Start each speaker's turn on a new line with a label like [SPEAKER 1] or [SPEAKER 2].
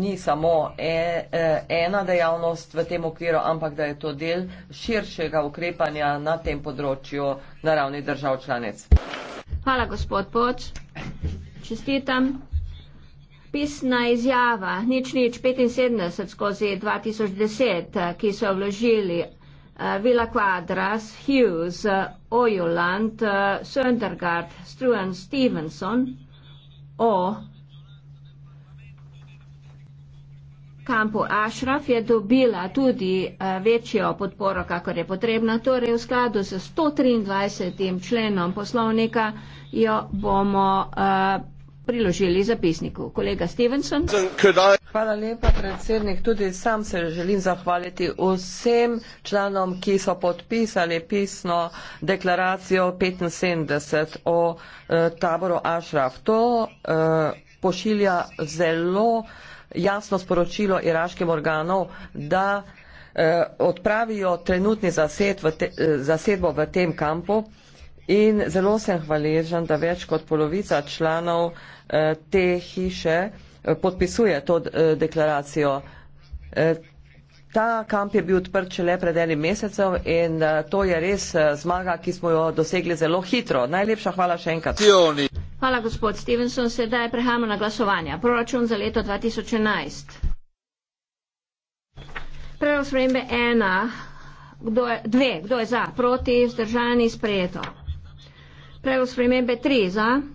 [SPEAKER 1] ni samo e, e, ena dejavnost v tem okviru, ampak da je to del širšega ukrepanja na tem področju na ravni držav članic.
[SPEAKER 2] Hvala, gospod Poč. Čestitam. Pisna izjava nič nič 75 skozi 2010, ki so vložili uh, e, Villa Quadras, Hughes, uh, Ojuland, uh, Söndergaard, Struan Stevenson o kampu Ašraf je dobila tudi eh, večjo podporo, kakor je potrebna. Torej, v skladu s 123. členom poslovnika jo bomo eh, priložili zapisniku. Kolega Stevenson.
[SPEAKER 1] Hvala lepa, predsednik. Tudi sam se želim zahvaliti vsem članom, ki so podpisali pisno deklaracijo 75 o eh, taboru Ašraf. To pošilja zelo jasno sporočilo iraškim organov, da eh, odpravijo trenutni zased v te, eh, zasedbo v tem kampu. In zelo sem hvaležen, da več kot polovica članov eh, te hiše eh, podpisuje to eh, deklaracijo. Eh, ta kamp je bil odprt šele pred enim mesecem in eh, to je res zmaga, ki smo jo dosegli zelo hitro. Najlepša hvala še enkrat.
[SPEAKER 2] Hvala, gospod Stevenson. Sedaj prehajamo na glasovanja. Proračun za leto 2011. Predlog spremembe ena, kdo je, dve, kdo je za, proti, vzdržani, sprejeto. Predlog spremembe tri, za.